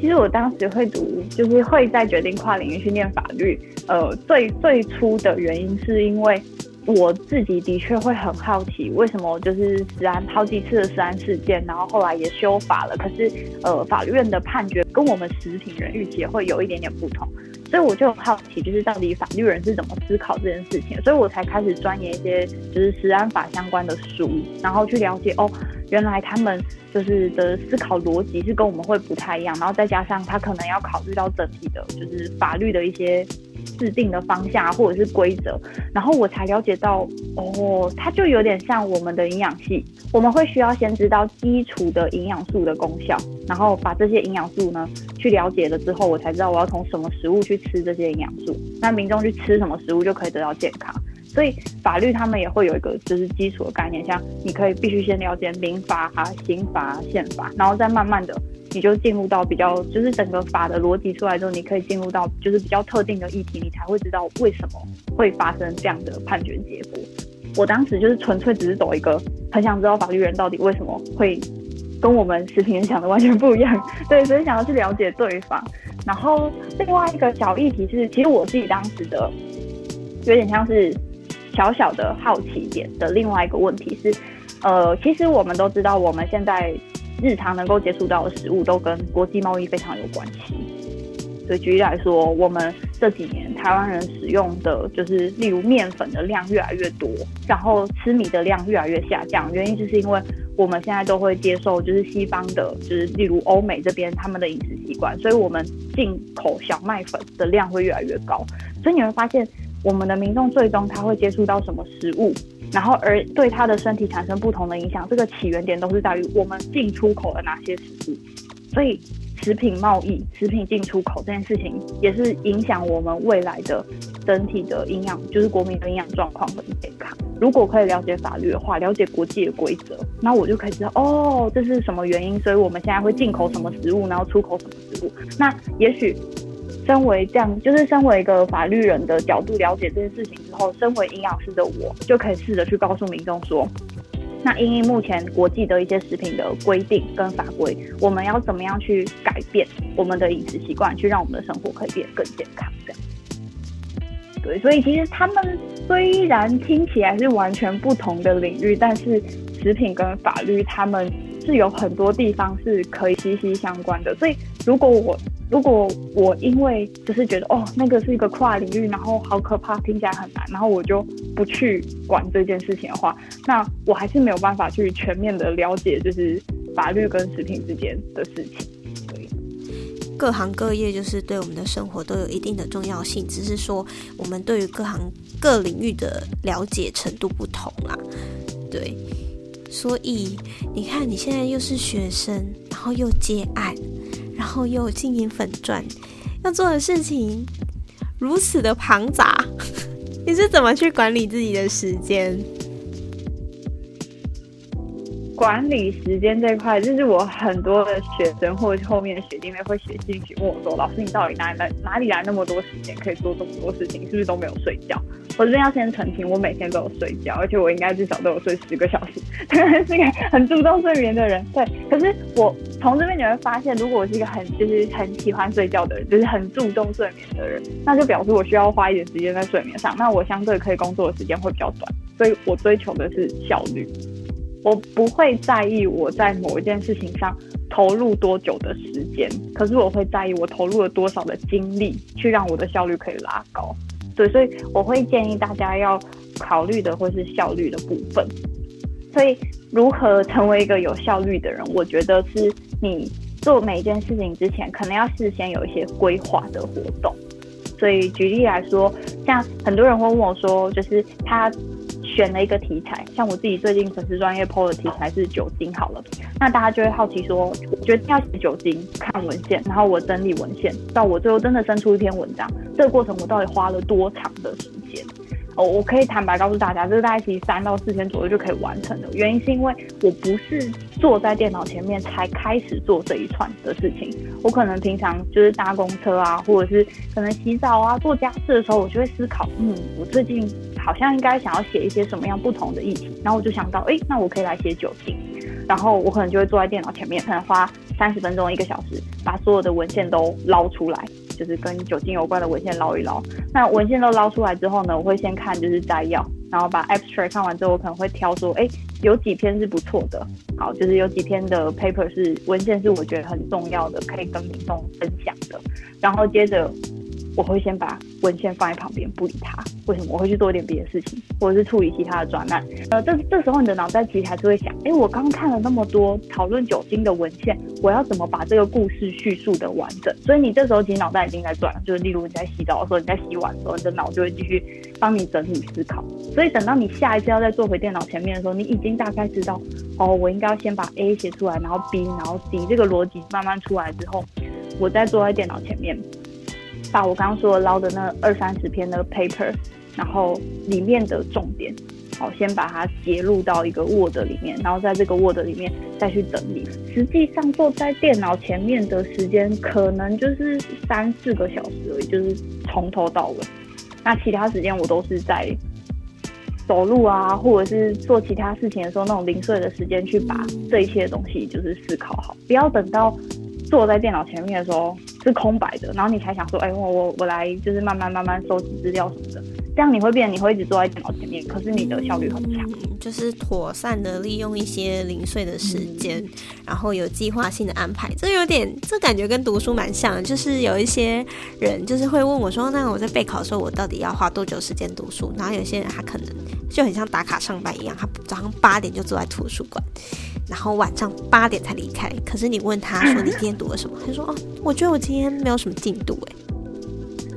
其實我當時會讀，就是會在決定跨領域去念法律，呃，最最初的原因是因為。我自己的確會很好奇，為什麼就是食安好幾次的食安事件，然後後來也修法了，可是呃，法院的判決跟我們食品人預期會有一點點不同，所以我就很好奇，就是到底法律人是怎麼思考這件事情，所以我才開始鑽研一些就是食安法相關的書，然後去了解，哦，原來他們就是的思考邏輯是跟我們會不太一樣，然後再加上他可能要考慮到整體的，就是法律的一些。制定的方向或者是規則，然後我才了解到，哦，它就有點像我們的營養系，我們會需要先知道基礎的營養素的功效，然後把這些營養素呢去了解了之後，我才知道我要從什麼食物去吃這些營養素，那民眾去吃什麼食物就可以得到健康。所以法律他們也會有一個就是基礎的概念，像你可以必須先了解民法啊、啊刑法啊、憲法啊、憲法，然後再慢慢的你就進入到比較就是整個法的邏輯出來之後，你可以進入到就是比較特定的議題，你才會知道為什麼會發生這樣的判決結果。我當時就是純粹只是走一個很想知道法律人到底為什麼會跟我們食品人講的完全不一樣，對，所以想要去了解對方。然後另外一個小議題就是，其實我自己當時的有點像是。小小的好奇點的另外一個問題是，呃，其實我們都知道，我們現在日常能夠接觸到的食物都跟國際貿易非常有關係。所以舉例來說，我們這幾年台灣人使用的，就是例如麵粉的量越來越多，然後吃米的量越來越下降，原因就是因為我們現在都會接受就是西方的，就是例如歐美這邊他們的飲食習慣，所以我們進口小麥粉的量會越來越高，所以你會發現。我們的民眾最終他會接觸到什麼食物，然後而對他的身體產生不同的影響，這個起源點都是在於我們進出口了哪些食物。所以，食品貿易、食品進出口這件事情也是影響我們未來的整體的營養，就是國民的營養狀況和健康。如果可以了解法律的話，了解國際的規則，那我就可以知道哦，這是什麼原因，所以我們現在會進口什麼食物，然後出口什麼食物。那也許。身為這樣，就是身為一個法律人的角度了解這件事情之後，身為營養師的我就可以試着去告訴民眾說，那因為目前國際的一些食品的規定跟法規，我們要怎麼樣去改變我們的飲食習慣，去讓我們的生活可以變得更健康這樣。對，所以其實他們雖然聽起來是完全不同的領域，但是食品跟法律他們是有很多地方是可以息息相關的。所以如果我如果我因為就是覺得哦，那個是一個跨領域，然後好可怕，聽起來很難，然後我就不去管這件事情的話，那我還是沒有辦法去全面的了解，就是法律跟食品之間的事情。所以，各行各業就是對我們的生活都有一定的重要性，只是說我們對於各行各領域的了解程度不同啦。對，所以你看，你現在又是學生，然後又接案。然後又有經營粉專，要做的事情如此的龐雜，呵呵，你是怎麼去管理自己的時間？管理時間這塊，就是我很多的學生或是後面的學弟妹會寫信去問我說：“老師，你到底哪來哪裡來那麼多時間，可以做這麼多事情？是不是都沒有睡覺？”我這邊要先澄清，我每天都有睡覺，而且我應該至少都有睡十個小時，當然是一個很注重睡眠的人。對，可是我從這邊你會發現，如果我是一個很就是很喜歡睡覺的人，就是很注重睡眠的人，那就表示我需要花一點時間在睡眠上，那我相對可以工作的時間會比較短，所以我追求的是效率。我不會在意我在某一件事情上投入多久的時間，可是我會在意我投入了多少的精力去讓我的效率可以拉高。對，所以我會建議大家要考慮的或是效率的部分。所以如何成為一個有效率的人，我覺得是你做每一件事情之前，可能要事先有一些規劃的活動。所以舉例來說，像很多人會問我說，就是他。選了一個題材，像我自己最近粉絲專業 PO 的題材是酒精，好了，那大家就會好奇說，我決定要寫酒精，看文獻，然後我整理文獻，到我最後真的生出一篇文章，這個過程我到底花了多長的時間？哦，我可以坦白告訴大家，就是大概其實三到四天左右就可以完成的，原因是因為我不是坐在電腦前面才開始做這一串的事情，我可能平常就是搭公車啊，或者是可能洗澡啊、做家事的時候，我就會思考，嗯，我最近。好像應該想要寫一些什麼樣不同的議題，然後我就想到，哎、欸，那我可以來寫酒精，然後我可能就會坐在電腦前面，可能花三十分鐘一個小時，把所有的文獻都撈出來，就是跟酒精有關的文獻撈一撈。那文獻都撈出來之後呢，我會先看就是摘要，然後把 abstract 看完之後，我可能會挑說，哎、欸，有幾篇是不錯的，好，就是有幾篇的 paper 是文獻是我覺得很重要的，可以跟民眾分享的，然後接着。我會先把文獻放在旁邊，不理他。為什麼？我會去做一點別的事情，或者是處理其他的專案。呃，這這時候你的腦袋其實還是會想：誒，我剛看了那麼多討論酒精的文獻，我要怎麼把這個故事敘述的完整？所以你這時候其實腦袋已經在轉了。就是例如你在洗澡的時候，你在洗碗的時候，你的腦就會繼續幫你整理思考。所以等到你下一次要再坐回電腦前面的時候，你已經大概知道：哦，我應該要先把 A 寫出來，然後 B，然後 C 這個邏輯慢慢出來之後，我再坐在電腦前面。把我剛剛說的撈的那二三十篇的 paper，然後裡面的重點，好，先把它截錄到一個 word 裡面，然後在這個 word 裡面再去整理。實際上坐在電腦前面的時間可能就是三四個小時而已，也就是從頭到尾。那其他時間我都是在走路啊，或者是做其他事情的時候，那種零碎的時間去把這一些東西就是思考好，不要等到坐在電腦前面的時候是空白的，然後你才想說，哎、欸，我我我來，就是慢慢慢慢收集資料什麼的，這樣你會變，你會一直坐在電腦前面，可是你的效率很強、嗯，就是妥善的利用一些零碎的時間、嗯，然後有計劃性的安排，這有點，這感覺跟讀書蠻像的，就是有一些人就是會問我說，那我在備考的時候，我到底要花多久時間讀書？然後有些人他可能就很像打卡上班一樣，他早上八點就坐在圖書館。然後晚上八點才離開。可是你問他說：“你今天讀了什麼？” 他說：“哦、啊，我覺得我今天沒有什麼進度。”哎，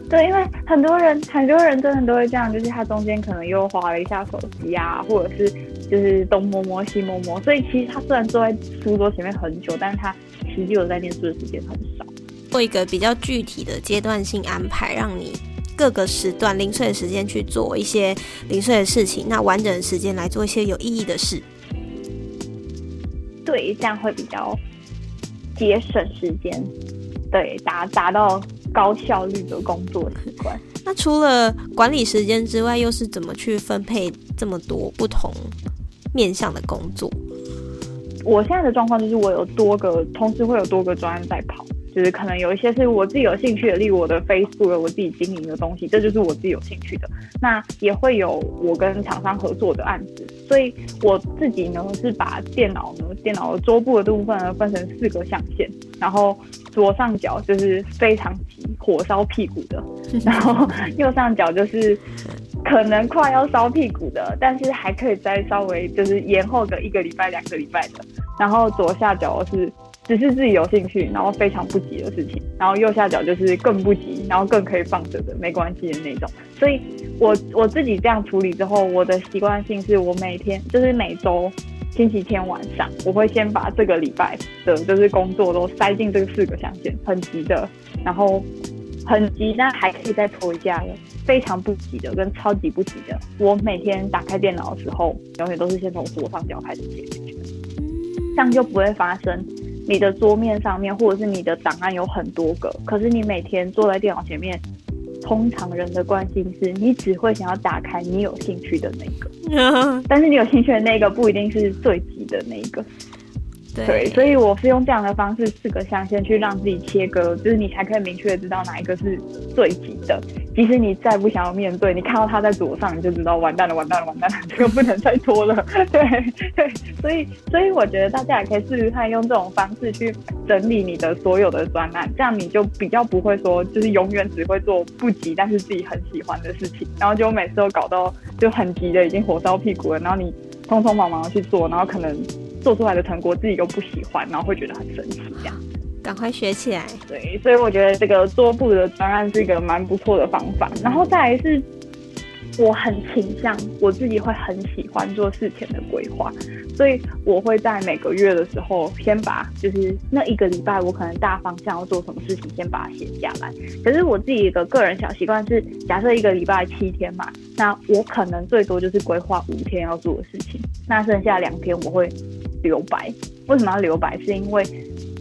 對，因為很多人，很多人真的都會這樣，就是他中間可能又滑了一下手機啊，或者是就是東摸摸西摸摸，所以其實他雖然坐在書桌前面很久，但是他實際有在念書的時間很少。做一個比較具體的階段性安排，讓你各個時段零碎的時間去做一些零碎的事情，那完整的時間來做一些有意義的事。對，這樣會比較節省時間，對，達達到高效率的工作習慣。那除了管理時間之外，又是怎麼去分配這麼多不同面向的工作？我現在的狀況就是我有多個，同時會有多個專案在跑，就是可能有一些是我自己有興趣的，例如我的 Facebook、我自己經營的東西，這就是我自己有興趣的。那也會有我跟廠商合作的案子。所以我自己呢，是把電腦呢，電腦桌布的部分呢，分成四個象限。然後左上角就是非常急、火燒屁股的；然後右上角就是可能快要燒屁股的，但是還可以再稍微就是延後個一個禮拜、兩個禮拜的。然後左下角是，只是自己有興趣，然後非常不急的事情。然後右下角就是更不急，然後更可以放着的，沒關係的那種。所以我，我我自己這樣處理之後，我的習慣性是我每天就是每周星期天晚上，我會先把這個禮拜的，就是工作都塞進這個四個象限，很急的，然後很急，但還可以再拖一下的，非常不急的，跟超級不急的。我每天打開電腦的時候，永遠都是先從左上角開始寫進去，這樣就不會發生。你的桌面上面，或者是你的檔案有很多個，可是你每天坐在電腦前面，通常人的慣性是你只會想要打開你有興趣的那個，但是你有興趣的那個不一定是最急的那個。對，所以我是用這樣的方式四個象限去讓自己切割，就是你才可以明確的知道哪一個是最急的。即使你再不想要面對，你看到它在左上，你就知道完蛋了，完蛋了，完蛋了，這個不能再拖了。對對，所以所以我覺得大家也可以試試看用這種方式去整理你的所有的專案，這樣你就比較不會說，就是永遠只會做不急但是自己很喜歡的事情，然後就每次都搞到就很急的已經火燒屁股了，然後你匆匆忙忙的去做，然後可能。做出來的成果自己又不喜歡，然後會覺得很神奇，這樣趕快學起來。對，所以我覺得這個桌布的方案是一個蠻不錯的方法。然後再來是，我很傾向我自己會很喜歡做事前的規劃，所以我會在每個月的時候先把就是那一個禮拜我可能大方向要做什麼事情先把它寫下來。可是我自己一個個人小習慣是，假設一個禮拜七天嘛，那我可能最多就是規劃五天要做的事情，那剩下兩天我會。留白，為什麼要留白？是因為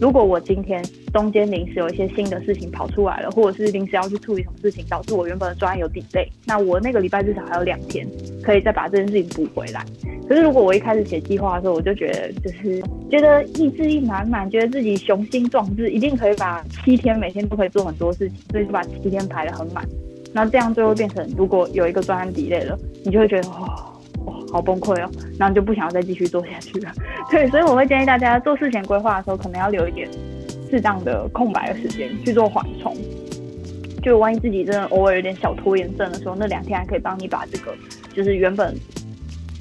如果我今天中間臨時有一些新的事情跑出來了，或者是臨時要去處理什麼事情，導致我原本的專案有 delay，那我那個禮拜至少還有兩天可以再把這件事情補回來。可是如果我一開始寫計劃的時候，我就覺得就是覺得意志力滿滿，覺得自己雄心壯志，一定可以把七天每天都可以做很多事情，所以就把七天排得很滿。那這樣最後變成如果有一個專案 delay 了，你就會覺得哇。哦哦，好崩潰哦，然後就不想要再繼續做下去了。對，所以我會建議大家做事前規劃的時候，可能要留一點適當的空白的時間去做緩衝。就萬一自己真的偶爾有點小拖延症的時候，那兩天還可以幫你把這個就是原本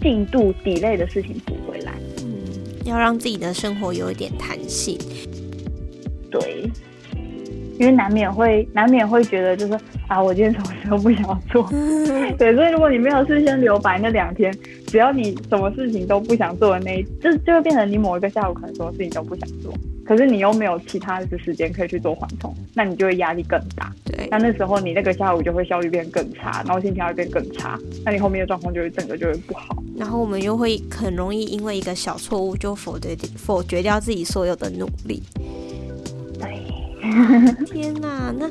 進度 delay 的事情補回來。嗯，要讓自己的生活有一點彈性。對。因為難免會難免會覺得，就是啊，我今天什麼事都不想做。 對，所以如果你沒有事先留白那兩天，只要你什麼事情都不想做的那一，就就會變成你某一個下午可能什麼事情都不想做，可是你又沒有其他的時間可以去做緩衝，那你就會壓力更大。對，那那時候你那個下午就會效率變更差，然後心情會變更差，那你後面的狀況就會整個就會不好。然後我們又會很容易因為一個小錯誤就否決否決掉自己所有的努力。 天哪、啊，那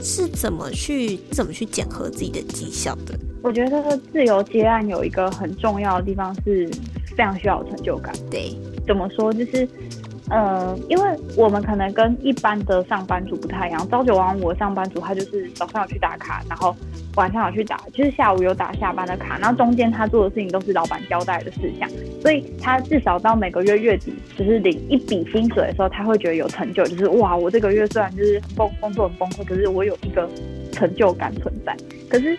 是怎麼去怎麼去檢核自己的績效的？我覺得這自由接案有一個很重要的地方是非常需要有成就感。對，怎麼說就是。嗯，因為我們可能跟一般的上班族不太一樣，朝九晚五的上班族，他就是早上要去打卡，然後晚上要去打，就是下午有打下班的卡，然後中間他做的事情都是老闆交代的事項，所以他至少到每個月月底，就是領一筆薪水的時候，他會覺得有成就，就是哇，我這個月雖然就是工作很崩潰，可是我有一個成就感存在，可是。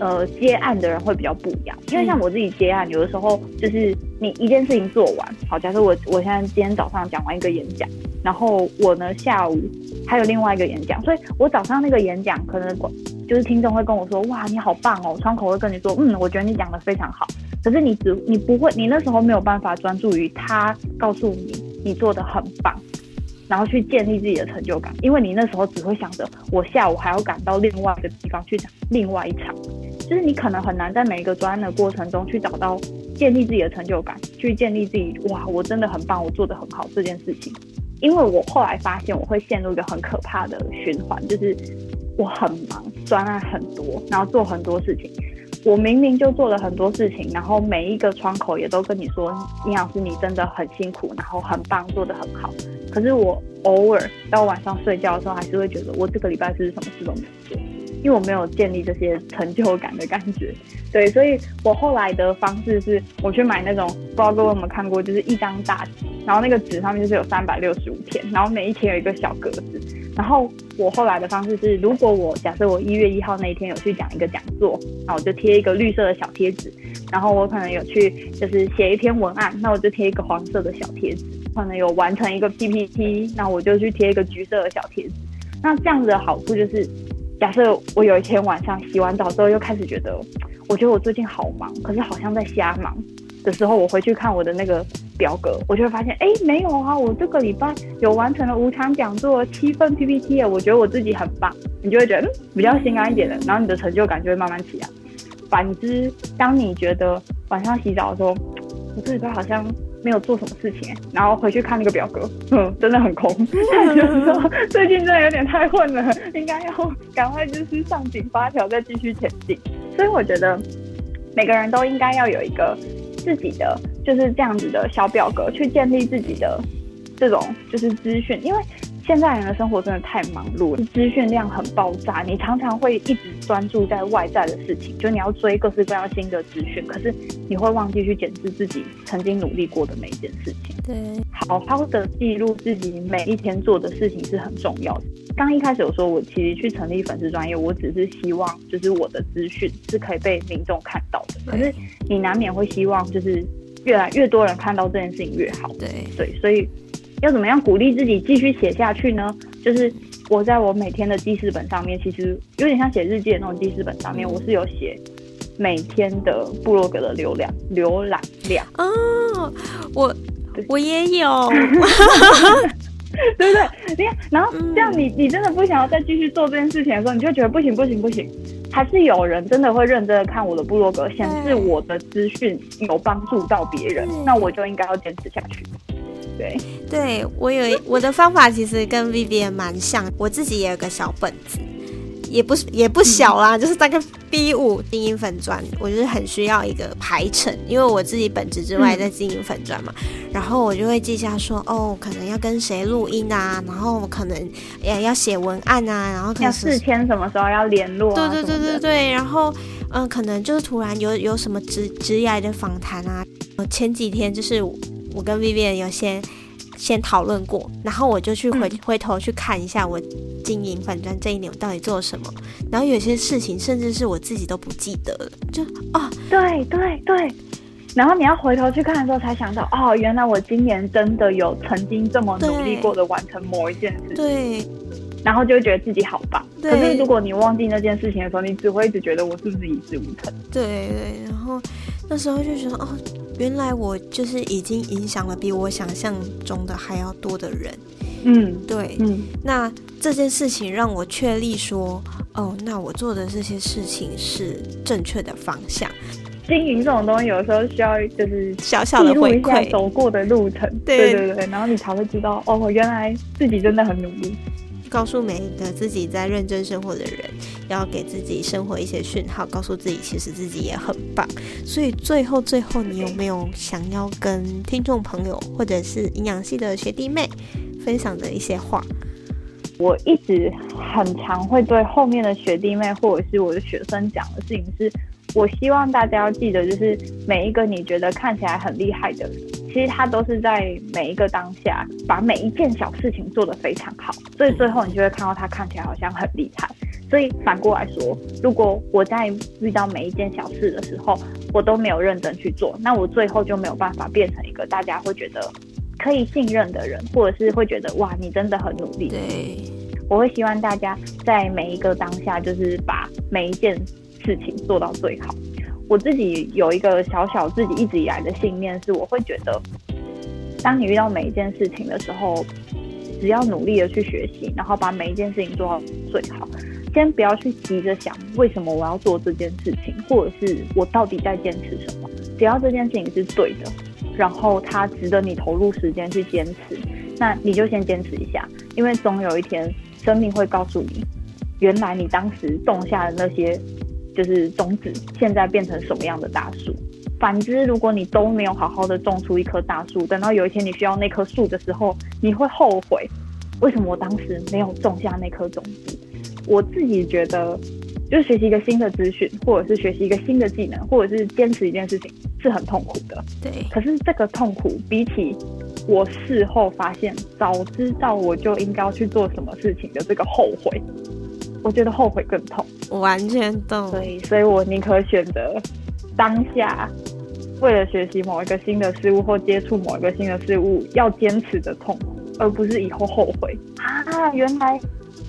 呃，接案的人會比較不一樣，因為像我自己接案，有的時候就是你一件事情做完，好，假設我我現在今天早上講完一個演講，然後我呢下午還有另外一個演講，所以我早上那個演講可能就是聽眾會跟我說，哇，你好棒哦，窗口會跟你說，嗯，我覺得你講得非常好，可是你只你不會，你那時候沒有辦法專注於他告訴你你做得很棒，然後去建立自己的成就感，因為你那時候只會想着我下午還要趕到另外一個地方去講另外一場。就是你可能很難在每一個專案的過程中去找到建立自己的成就感，去建立自己哇，我真的很棒，我做得很好這件事情。因為我後來發現我會陷入一個很可怕的循環，就是我很忙，專案很多，然後做很多事情，我明明就做了很多事情，然後每一個窗口也都跟你說，營養師你真的很辛苦，然後很棒，做得很好。可是我偶爾到晚上睡覺的時候，還是會覺得我這個禮拜是什麼事都沒做。因為我沒有建立這些成就感的感覺，對，所以我後來的方式是，我去買那種，不知道各位有沒有看過，就是一張大紙，然後那個紙上面就是有三百六十五天，然後每一天有一個小格子，然後我後來的方式是，如果我假設我一月一號那一天有去講一個講座，那我就貼一個綠色的小貼紙，然後我可能有去就是寫一篇文案，那我就貼一個黃色的小貼紙，可能有完成一個 PPT，那我就去貼一個橘色的小貼紙，那這樣子的好處就是。假設我有一天晚上洗完澡之後，又開始覺得，我覺得我最近好忙，可是好像在瞎忙的時候，我回去看我的那個表格，我就會發現，哎、欸，沒有啊，我這個禮拜有完成了五場講座七份 PPT，欸、我覺得我自己很棒，你就會覺得、嗯、比較心安一點的，然後你的成就感就會慢慢起來。反之，當你覺得晚上洗澡的時候，我這個禮拜好像。沒有做什麼事情，然後回去看那個表格，嗯，真的很空。 就是說，最近真的有點太混了，應該要趕快就是上緊發條，再繼續前進。所以我覺得，每個人都應該要有一個自己的就是這樣子的小表格，去建立自己的這種就是資訊，因為。現在人的生活真的太忙碌了，資訊量很爆炸，你常常會一直專注在外在的事情，就你要追各式各樣新的資訊，可是你會忘記去檢視自己曾經努力過的每一件事情。對，好好的記錄自己每一天做的事情是很重要的。剛一開始我說，我其實去成立粉絲專頁，我只是希望就是我的資訊是可以被民眾看到的。可是你難免會希望，就是越來越多人看到這件事情越好。對對，所以。要怎麼樣鼓勵自己繼續寫下去呢？就是我在我每天的記事本上面，其實有點像寫日記的那種記事本上面，我是有寫每天的部落格的流量、瀏覽量哦、我我也有， 嗯、 對不對？你看，然後這樣你，你你真的不想要再繼續做這件事情的時候，你就覺得不行不行不行，還是有人真的會認真的看我的部落格，顯示我的資訊有幫助到別人，嗯、那我就應該要堅持下去。對，我有我的方法，其實跟 Vivian 蠻像，我自己也有個小本子，也不是也不小啦，嗯、就是大概 B 五，經營粉專，我就是很需要一個排程，因為我自己本職之外在經營粉專嘛、嗯，然後我就會記下說，哦，可能要跟誰錄音啊，然後可能也要寫文案啊，然後可能要四天什麼時候要聯絡、啊。對，對對對對對，對然後嗯，可能就是突然有有什麼直直來的訪談啊，前幾天就是。我跟 Vivian 有先先討論過，然後我就去回、嗯、回頭去看一下我經營粉專這一年我到底做了什麼，然後有些事情甚至是我自己都不記得了，就啊、哦，對對對，然後你要回頭去看的時候，才想到哦，原來我今年真的有曾經這麼努力過的完成某一件事情，對，然後就會覺得自己好吧對，可是如果你忘記那件事情的時候，你只會一直覺得我是不是一事無成，對對，然後那時候就覺得哦。原來我就是已經影響了比我想象中的還要多的人，嗯，對，嗯，那這件事情讓我確立說，哦，那我做的這些事情是正確的方向。經營這種東西有時候需要就是小小的回饋，一走過的路程，對，對對對，然後你才會知道，哦，我原來自己真的很努力。告訴每一個自己在認真生活的人，要給自己生活一些訊號，告訴自己其實自己也很棒。所以最後最後，你有沒有想要跟聽眾朋友或者是營養系的學弟妹分享的一些話？我一直很常會對後面的學弟妹或者是我的學生講的事情是。我希望大家要記得，就是每一個你覺得看起來很厲害的人，其實他都是在每一個當下把每一件小事情做得非常好，所以最後你就會看到他看起來好像很厲害。所以反過來說，如果我在遇到每一件小事的時候，我都沒有認真去做，那我最後就沒有辦法變成一個大家會覺得可以信任的人，或者是會覺得哇，你真的很努力。對，我會希望大家在每一個當下，就是把每一件。事情做到最好。我自己有一個小小自己一直以來的信念，是我會覺得，當你遇到每一件事情的時候，只要努力的去學習，然後把每一件事情做到最好，先不要去急着想為什麼我要做這件事情，或者是我到底在堅持什麼。只要這件事情是對的，然後它值得你投入時間去堅持，那你就先堅持一下，因為總有一天，生命會告訴你，原來你當時種下的那些。就是種子，現在變成什麼樣的大樹？反之，如果你都沒有好好的種出一棵大樹，等到有一天你需要那棵樹的時候，你會後悔，為什麼我當時沒有種下那顆種子？我自己覺得，就學習一個新的資訊，或者是學習一個新的技能，或者是堅持一件事情，是很痛苦的。對。可是這個痛苦，比起我事後發現早知道我就應該要去做什麼事情的這個後悔，我覺得後悔更痛，完全懂。所以，所以我寧可選擇當下，為了學習某一個新的事物或接觸某一個新的事物，要堅持的痛苦，而不是以後後悔啊！原來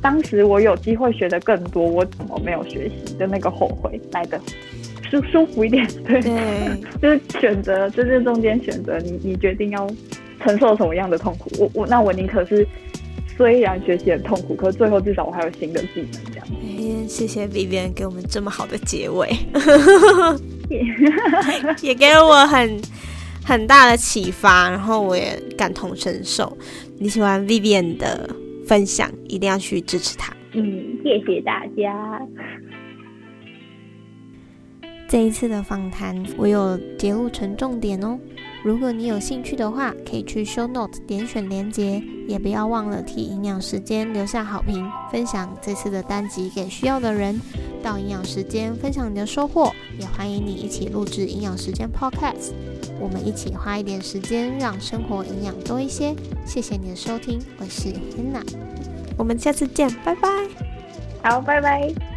當時我有機會學得更多，我怎麼沒有學習的那個後悔來的舒舒服一點？對，嗯、 就是選擇，就是中間選擇，你你決定要承受什麼樣的痛苦？我我那我寧可是。雖然學習很痛苦，可是最後至少我還有新的技能，這、欸、樣。謝謝 Vivian 給我們這麼好的結尾， 謝謝 也給了我很很大的啟發，然後我也感同身受。你喜歡 Vivian 的分享，一定要去支持她。嗯，謝謝大家。這一次的訪談，我有節錄成重點哦。如果你有興趣的話，可以去 show note 點選連結，也不要忘了替營養食間留下好評，分享這次的單集給需要的人。到營養食間分享你的收穫，也歡迎你一起錄制營養食間 podcast，我們一起花一點時間讓生活營養多一些。謝謝你的收聽，我是 Henna，我們下次見，拜拜。好，拜拜。